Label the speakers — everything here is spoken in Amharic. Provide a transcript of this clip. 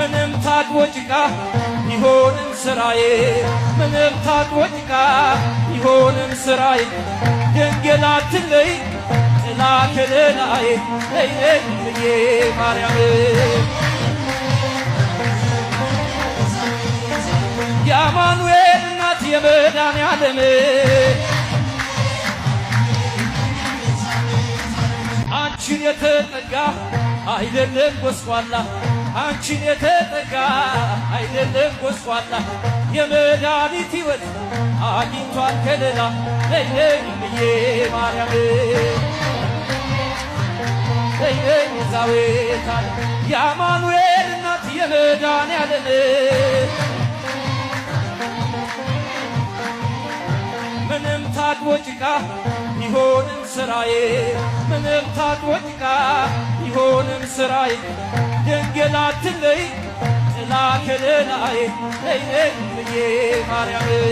Speaker 1: ምንም ታጥቦ ጭቃ ቢሆንም ሥራዬ ምንም ታጥቦ ጭቃ ቢሆንም ሥራዬ ድንግል አትለይ ጥላ ከለላዬ ለይለኝልዬ ማርያም የአማኑኤል እናት የመዳን ያለም አንቺን የተጠጋ አይደለም ጎስቋላ አንቺን የተጠጋ አይደለም ጎስቋላ የመድኃኒት ሕይወት አግኝቷል ከለላ ነይነኝ ብዬ ማርያም ነይነኝ ዛዌታል የአማኑኤል እናት የመድኃኔዓለም ምንም ታጥቦ ጭቃ ቢሆንም ሥራዬ ምንም ታጥቦ ጭቃ ቢሆን ከስራዬ ድንግል አትለይ ጥላ ከለላዬ ነይ ነይ ማርያም